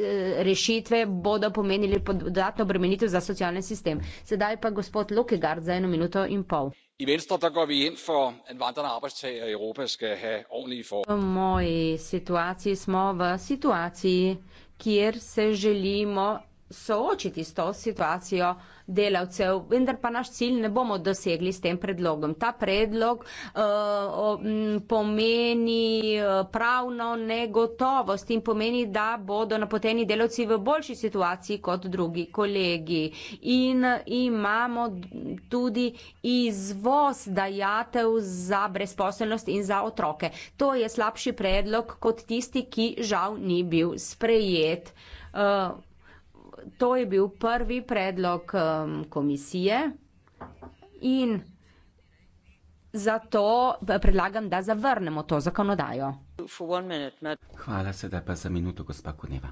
rešitve bodo pomenili dodatno obremenitev za socialni sistem. Sedaj pa gospod Lukegard za eno minuto in pol. I Venstre, der går vi ind for, at vandrende arbejdstager i Europa skal have ordentlige forhold. V moji situaciji smo v situaciji, kjer se želimo soočiti s to situacijo, delavcev, vendar pa naš cilj ne bomo dosegli s tem predlogom. Ta predlog uh, pomeni eh, pravno negotovost in pomeni, da bodo napoteni delavci v boljši situaciji kot drugi kolegi. In imamo tudi izvoz dajatev za brezposelnost in za otroke. To je slabši predlog kot tisti, ki žal ni bil sprejet. Uh, to je bil prvi predlog um, komisije in zato predlagam, da zavrnemo to zakonodajo. Hvala sedaj pa za minuto, gospa Koneva.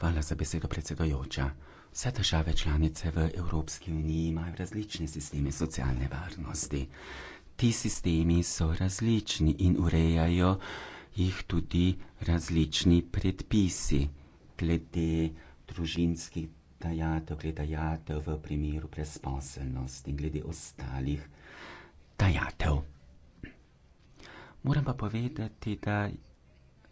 Hvala za besedo, predsedojoča. Vse države članice v Evropski uniji imajo različne sisteme socialne varnosti ti sistemi so različni in urejajo jih tudi različni predpisi glede družinskih dajatev, glede dajatev v primeru brezposelnosti in glede ostalih dajatev. Moram pa povedati, da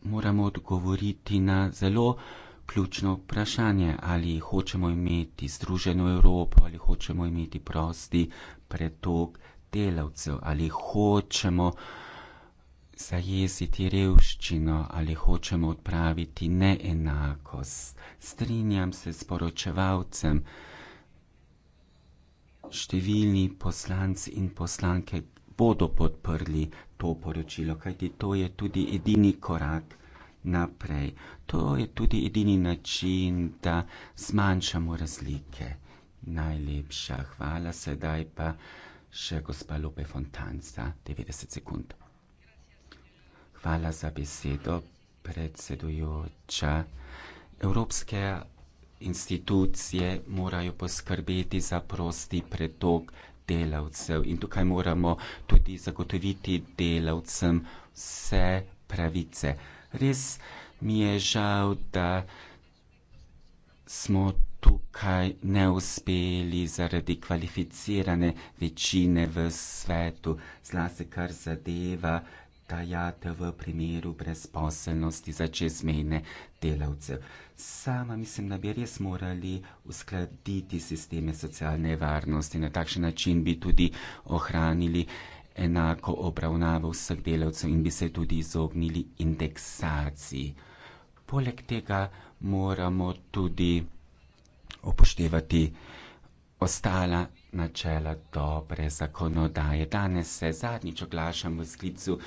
moramo odgovoriti na zelo ključno vprašanje, ali hočemo imeti združeno Evropo ali hočemo imeti prosti pretok delavcev, ali hočemo zajeziti revščino, ali hočemo odpraviti neenakost. Strinjam se s poročevalcem, številni poslanci in poslanke bodo podprli to poročilo, kajti to je tudi edini korak naprej. To je tudi edini način, da zmanjšamo razlike. Najlepša hvala, sedaj pa še gospa Lope Fontanca, 90 sekund. Hvala za besedo, predsedujoča. Evropske institucije morajo poskrbeti za prosti pretok delavcev in tukaj moramo tudi zagotoviti delavcem vse pravice. Res mi je žal, da smo tukaj ne uspeli zaradi kvalificirane večine v svetu, zlasti kar zadeva dajate v primeru brezposelnosti za čezmejne delavce. Sama mislim, da bi res morali uskladiti sisteme socialne varnosti. Na takšen način bi tudi ohranili enako obravnavo vseh delavcev in bi se tudi izognili indeksaciji. Poleg tega moramo tudi upoštevati ostala načela dobre zakonodaje. Danes se zadnjič oglašam v sklicu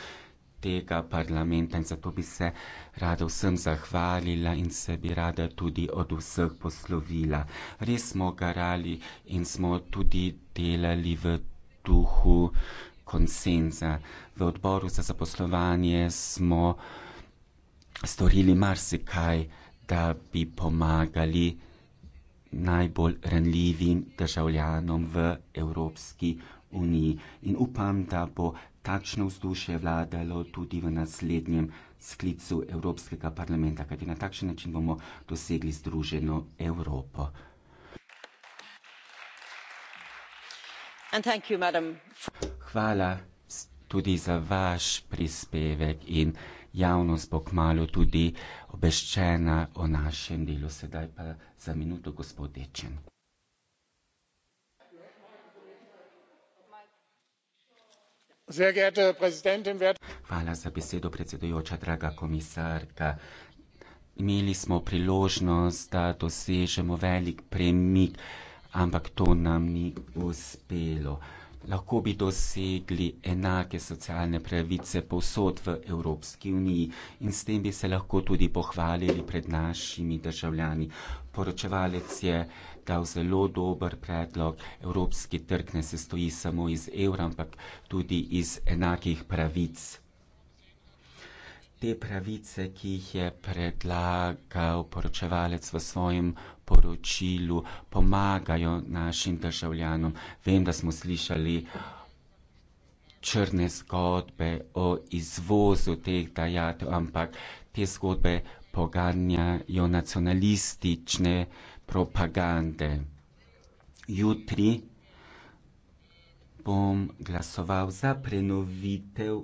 tega parlamenta in zato bi se rada vsem zahvalila in se bi rada tudi od vseh poslovila. Res smo garali in smo tudi delali v duhu konsenza. V odboru za zaposlovanje smo storili marsikaj, da bi pomagali najbolj renljivim državljanom v Evropski uniji. In upam, da bo takšno vzdušje vladalo tudi v naslednjem sklicu Evropskega parlamenta, kajti na takšen način bomo dosegli združeno Evropo. Hvala tudi za vaš prispevek in javnost bo kmalo tudi obveščena o našem delu. Sedaj pa za minuto, gospod Dečen. Hvala za besedo, predsedujoča, draga komisarka. Imeli smo priložnost, da dosežemo velik premik, ampak to nam ni uspelo lahko bi dosegli enake socialne pravice povsod v Evropski uniji in s tem bi se lahko tudi pohvalili pred našimi državljani. Poročevalec je dal zelo dober predlog, evropski trg ne se stoji samo iz evra, ampak tudi iz enakih pravic. Te pravice, ki jih je predlagal poročevalec v svojem poročilu pomagajo našim državljanom. Vem, da smo slišali črne zgodbe o izvozu teh dajatev, ampak te zgodbe poganjajo nacionalistične propagande. Jutri bom glasoval za prenovitev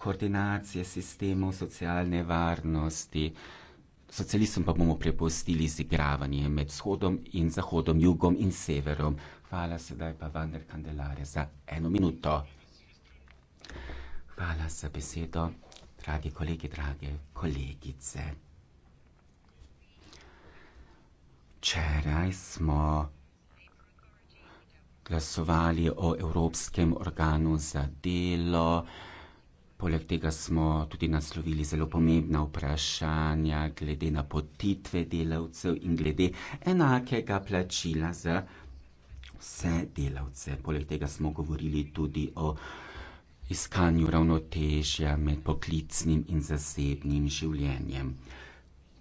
koordinacije sistemov socialne varnosti socialistom pa bomo prepustili zigravanje med vzhodom in zahodom, jugom in severom. Hvala sedaj pa vendar kandelare za eno minuto. Hvala za besedo, dragi kolegi, drage kolegice. Včeraj smo glasovali o Evropskem organu za delo, Poleg tega smo tudi naslovili zelo pomembna vprašanja glede napotitve delavcev in glede enakega plačila za vse delavce. Poleg tega smo govorili tudi o iskanju ravnotežja med poklicnim in zasebnim življenjem.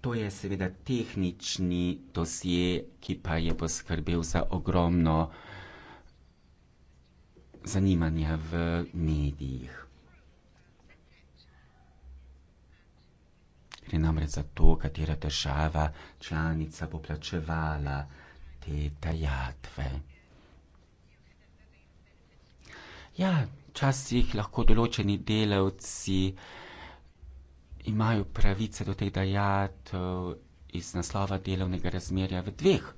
To je seveda tehnični dosje, ki pa je poskrbel za ogromno zanimanja v medijih. Gre namreč za to, katera težava članica bo plačevala te tajatve. Ja, včasih lahko določeni delavci imajo pravice do teh dajatev iz naslova delovnega razmerja v dveh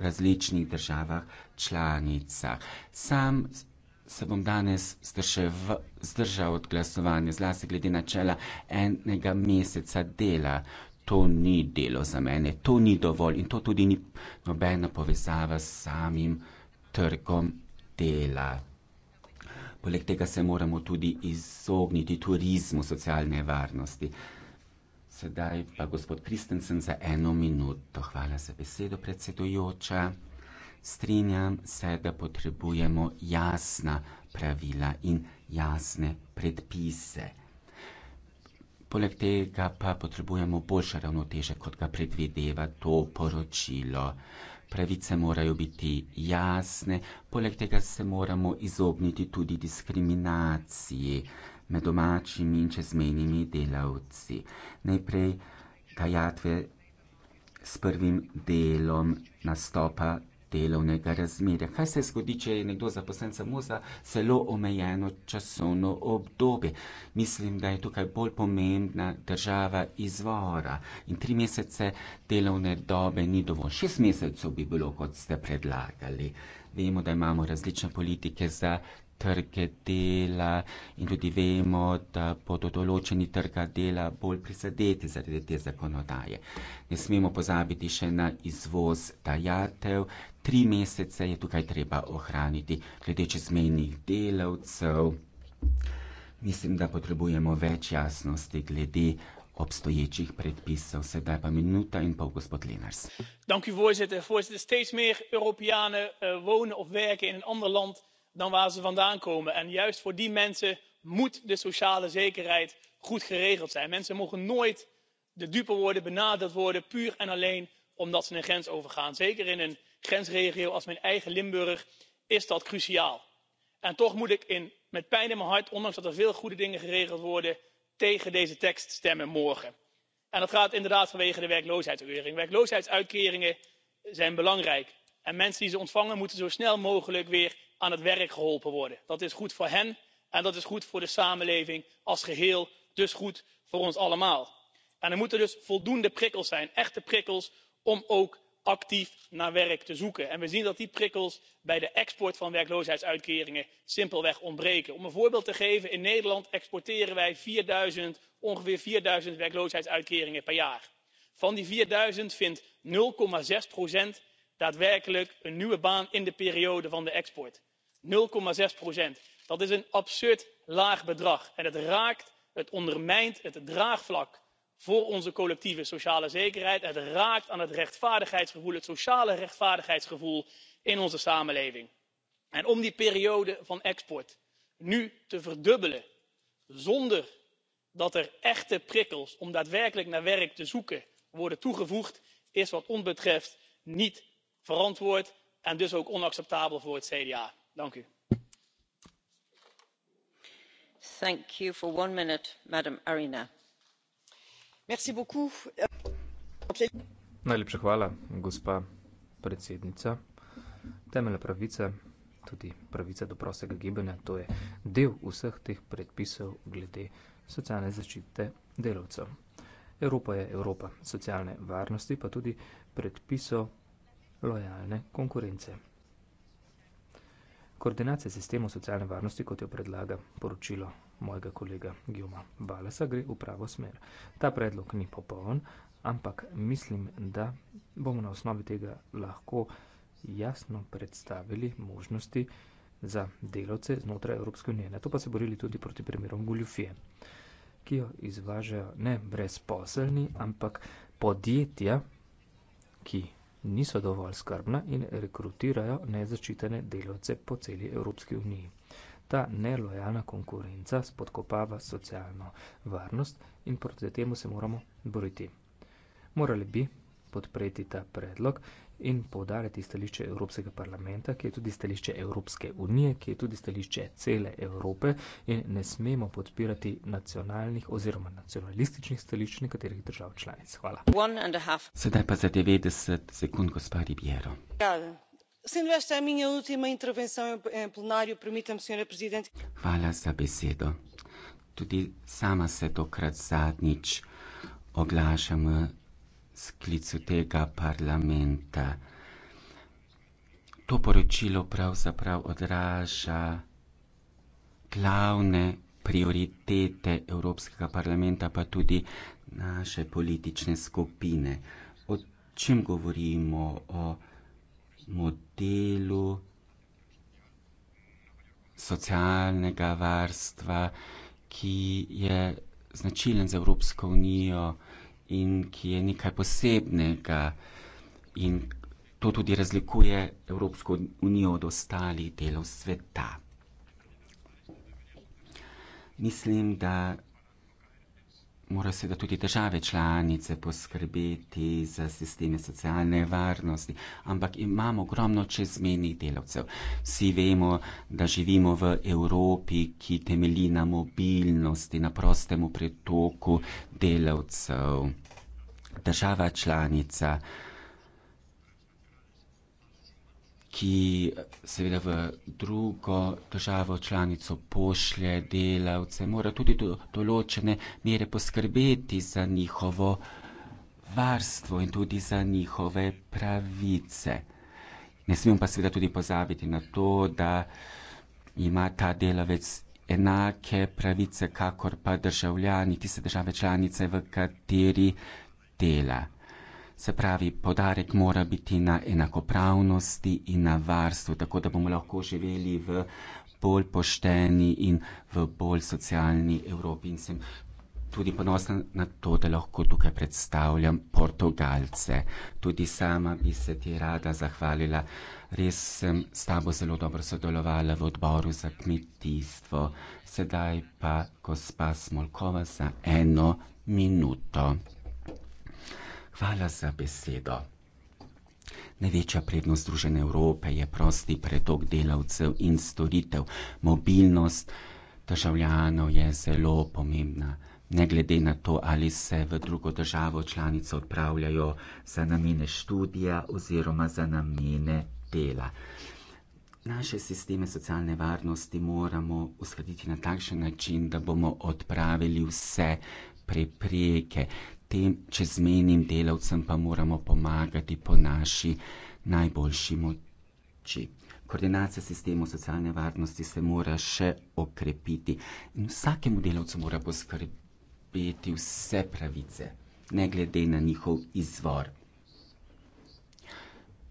različnih državah članicah. Sam se bom danes zdržal od glasovanja, zlasti glede načela enega meseca dela. To ni delo za mene, to ni dovolj in to tudi ni nobena povezava s samim trgom dela. Poleg tega se moramo tudi izogniti turizmu socialne varnosti. Sedaj pa gospod Kristensen za eno minuto. Hvala za besedo, predsedujoča strinjam se, da potrebujemo jasna pravila in jasne predpise. Poleg tega pa potrebujemo boljše ravnoteže, kot ga predvideva to poročilo. Pravice morajo biti jasne, poleg tega se moramo izogniti tudi diskriminaciji med domačimi in čezmejnimi delavci. Najprej tajatve s prvim delom nastopa delovnega razmerja. Kaj se zgodi, če je nekdo zaposlen samo za zelo omejeno časovno obdobje? Mislim, da je tukaj bolj pomembna država izvora in tri mesece delovne dobe ni dovolj. Šest mesecev bi bilo, kot ste predlagali vemo, da imamo različne politike za trge dela in tudi vemo, da bodo določeni trga dela bolj prizadeti zaradi te zakonodaje. Ne smemo pozabiti še na izvoz dajatev. Tri mesece je tukaj treba ohraniti glede čezmejnih delavcev. Mislim, da potrebujemo več jasnosti glede obstoječih predpisov. Sedaj pa minuta in pol gospod Lenaers. voorzitter steeds meer europeanen eh, wonen of werken in een ander land dan waar ze vandaan komen en juist voor die mensen moet de sociale zekerheid goed geregeld zijn. mensen mogen nooit de dupe worden benadeeld worden puur en alleen omdat ze een grens overgaan. zeker in een grensregio als mijn eigen limburg is dat cruciaal. en toch moet ik met pijn in mijn hart ondanks dat er veel goede dingen geregeld worden tegen deze tekst stemmen morgen en dat gaat inderdaad vanwege de werkloosheidsuitkering. werkloosheidsuitkeringen zijn belangrijk en mensen die ze ontvangen moeten zo snel mogelijk weer aan het werk geholpen worden. dat is goed voor hen en dat is goed voor de samenleving als geheel dus goed voor ons allemaal. er moeten dus voldoende prikkels zijn echte prikkels om actief naar werk te zoeken en we zien dat die prikkels bij de export van werkloosheidsuitkeringen simpelweg ontbreken. om een voorbeeld te geven in nederland exporteren wij ongeveer vier nul werkloosheidsuitkeringen per jaar. van die vier nul vindt nul zes procent daadwerkelijk een nieuwe baan in de periode van de export. nul zes procent dat is een absurd laag bedrag en het ondermijnt het draagvlak voor onze collectieve sociale zekerheid het raakt aan het rechtvaardigheidsgevoel het sociale rechtvaardigheidsgevoel in onze samenleving. om die periode van export nu te verdubbelen zonder dat er echte prikkels om daadwerkelijk naar werk te zoeken worden toegevoegd is wat ons betreft niet verantwoord en dus ook onacceptabel voor het cda. Najlepša hvala, gospa predsednica. Temeljne pravice, tudi pravica do prostega gibanja, to je del vseh teh predpisov glede socialne zaščite delavcev. Evropa je Evropa socialne varnosti, pa tudi predpisov lojalne konkurence. Koordinacija sistemov socialne varnosti, kot jo predlaga poročilo mojega kolega Gjuma Balasa gre v pravo smer. Ta predlog ni popoln, ampak mislim, da bomo na osnovi tega lahko jasno predstavili možnosti za delavce znotraj Evropske unije. Na to pa se borili tudi proti primerom Guljufije, ki jo izvažajo ne brezposelni, ampak podjetja, ki niso dovolj skrbna in rekrutirajo nezačitene delavce po celi Evropski uniji. Ta nelojalna konkurenca spodkopava socialno varnost in proti temu se moramo boriti. Morali bi podpreti ta predlog in povdarjati stališče Evropskega parlamenta, ki je tudi stališče Evropske unije, ki je tudi stališče cele Evrope in ne smemo podpirati nacionalnih oziroma nacionalističnih stališč nekaterih držav članic. Hvala. Sedaj pa za 90 sekund, gospod Ribiero. Ja, Sendo esta a minha última intervenção em plenário, permita-me, Sra. Presidente. Hvala za besedo. Tudi sama se tokrat zadnjič oglašam v sklicu tega parlamenta. To poročilo pravzaprav odraža glavne prioritete Evropskega parlamenta, pa tudi naše politične skupine. O čem govorimo? O modelu socialnega varstva, ki je značilen za Evropsko unijo in ki je nekaj posebnega in to tudi razlikuje Evropsko unijo od ostalih delov sveta. Mislim, da mora seveda tudi države članice poskrbeti za sisteme socialne varnosti, ampak imamo ogromno čezmenih delavcev. Vsi vemo, da živimo v Evropi, ki temelji na mobilnosti, na prostemu pretoku delavcev. Država članica ki seveda v drugo državo članico pošlje delavce, mora tudi do določene mere poskrbeti za njihovo varstvo in tudi za njihove pravice. Ne smemo pa seveda tudi pozabiti na to, da ima ta delavec enake pravice, kakor pa državljani tiste države članice, v kateri dela. Se pravi, podarek mora biti na enakopravnosti in na varstvu, tako da bomo lahko živeli v bolj pošteni in v bolj socialni Evropi. In sem tudi ponosna na to, da lahko tukaj predstavljam Portugalce. Tudi sama bi se ti rada zahvalila. Res sem s tabo zelo dobro sodelovala v odboru za kmetijstvo. Sedaj pa gospa Smolkova za eno minuto. Hvala za besedo. Največja prednost Združene Evrope je prosti pretok delavcev in storitev. Mobilnost državljanov je zelo pomembna. Ne glede na to, ali se v drugo državo članico odpravljajo za namene študija oziroma za namene dela. Naše sisteme socialne varnosti moramo uskladiti na takšen način, da bomo odpravili vse prepreke, tem čezmenim delavcem pa moramo pomagati po naši najboljši moči. Koordinacija sistemov socialne varnosti se mora še okrepiti in vsakemu delavcu mora poskrbeti vse pravice, ne glede na njihov izvor.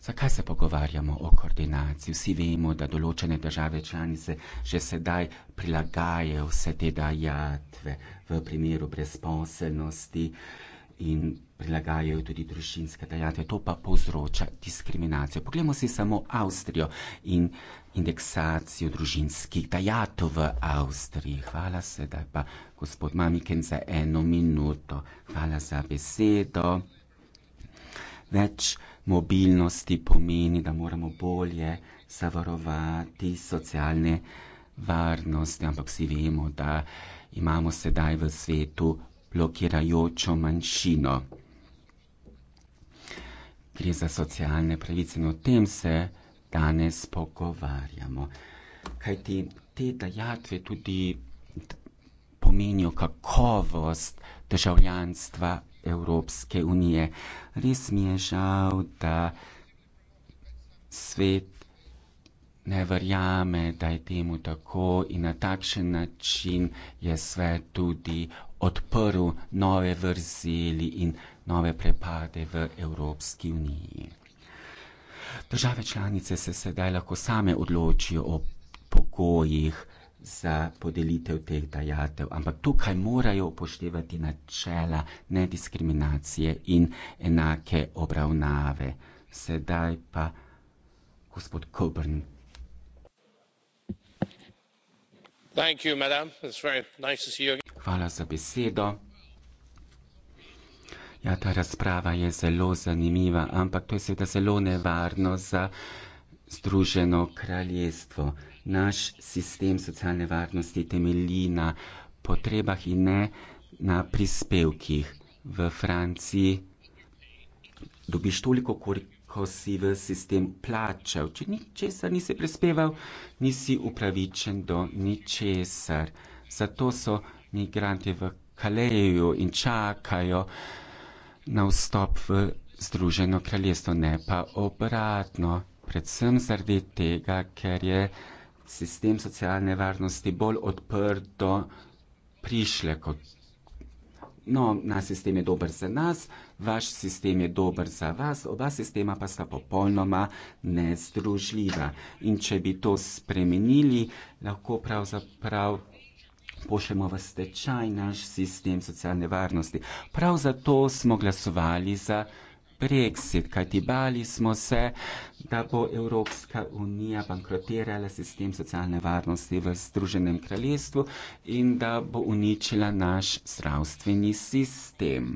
Zakaj se pogovarjamo o koordinaciji? Vsi vemo, da določene države članice že sedaj prilagajajo vse te dajatve v primeru brezposelnosti in prilagajajo tudi družinske dajatve. To pa povzroča diskriminacijo. Poglejmo si samo Avstrijo in indeksacijo družinskih dajatov v Avstriji. Hvala sedaj pa gospod Mamiken za eno minuto. Hvala za besedo. Več mobilnosti pomeni, da moramo bolje zavarovati socialne varnosti, ampak vsi vemo, da imamo sedaj v svetu blokirajočo manjšino. Gre za socialne pravice in o tem se danes pogovarjamo. Kajti te dajatve tudi pomenijo kakovost državljanstva Evropske unije. Res mi je žal, da svet ne verjame, da je temu tako in na takšen način je svet tudi odprl nove vrzeli in nove prepade v Evropski uniji. Države članice se sedaj lahko same odločijo o pogojih, za podelitev teh dajatev. Ampak tukaj morajo upoštevati načela nediskriminacije in enake obravnave. Sedaj pa gospod Coburn. Thank you, madam. It's very nice to see you again. Hvala za besedo. Ja, ta razprava je zelo zanimiva, ampak to je seveda zelo nevarno za Združeno kraljestvo naš sistem socialne varnosti temelji na potrebah in ne na prispevkih. V Franciji dobiš toliko, koliko si v sistem plačal. Če ničesar nisi prispeval, nisi upravičen do ničesar. Zato so migranti v Kaleju in čakajo na vstop v Združeno kraljestvo, ne pa obratno. Predvsem zaradi tega, ker je sistem socialne varnosti bolj odprto prišle kot. No, naš sistem je dober za nas, vaš sistem je dober za vas, oba sistema pa sta popolnoma nezdružljiva. In če bi to spremenili, lahko pravzaprav pošljemo v stečaj naš sistem socialne varnosti. Prav zato smo glasovali za Brexit, kajti bali smo se, da bo Evropska unija bankrotirala sistem socialne varnosti v Združenem kraljestvu in da bo uničila naš zdravstveni sistem.